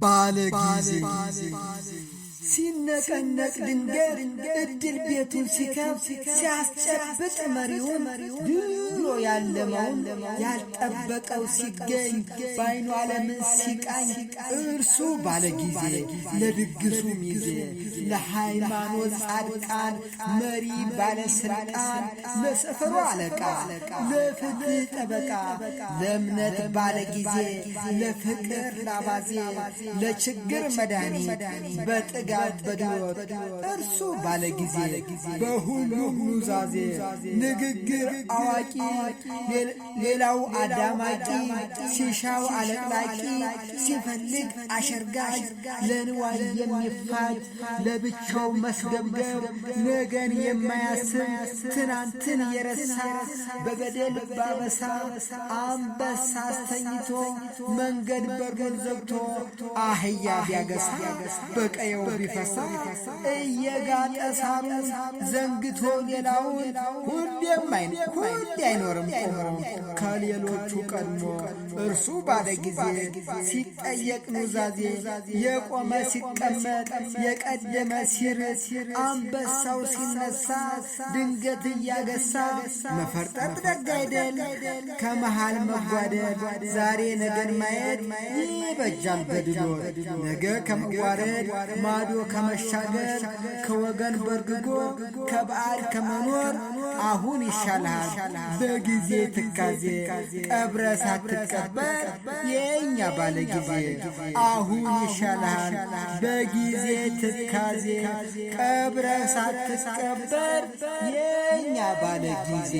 ባለጊዜ ሲነቀነቅ ድንገት እድል ቤቱን ሲከፍት ሲያስጨብጥ መሪውን ድሮ ያለመውን ያልጠበቀው ሲገኝ በዓይኑ ዓለምን ሲቃኝ እርሱ ጊዜ ለድግሱ ሚዜ ለሃይማኖት ጻድቃን መሪ ባለስልጣን ለሰፈሩ አለቃ ለፍትህ ጠበቃ ለእምነት ጊዜ ለፍቅር ላባዜ ለችግር መድኃኒት በጥግ በጥጋብ በድወት እርሱ ባለ ጊዜ በሁሉም ኑዛዜ ንግግር አዋቂ ሌላው አዳማቂ ሲሻው አለቅላቂ ሲፈልግ አሸርጋሽ ለንዋይ የሚፋጅ ለብቻው መስገብገብ ነገን የማያስብ ትናንትን የረሳ በገደል ባበሳ አንበሳ አስተኝቶ መንገድ በሩን ዘግቶ አህያ ቢያገሳ በቀየው ቢፈሳ እየጋጠ ሳሩን ዘንግቶ ሌላውን ሁሌም አይኖርም ከሌሎቹ ቀድሞ እርሱ ባለ ጊዜ ሲጠየቅ ኑዛዜ የቆመ ሲቀመጥ የቀደመ ሲርት አንበሳው ሲነሳ ድንገት እያገሳ መፈርጠጥ ደግ አይደል ከመሃል መጓደል ዛሬ ነገን ማየት ይበጃል በድሎት ነገ ከመዋረድ ማዶ ከአዶ ከመሻገር ከወገን በርግጎ ከበዓል ከመኖር አሁን ይሻልሃል በጊዜ ትካዜ ቀብረ ሳትቀበር የእኛ ባለጊዜ አሁን ይሻልሃል በጊዜ ትካዜ ቀብረ ሳትቀበር የእኛ ባለጊዜ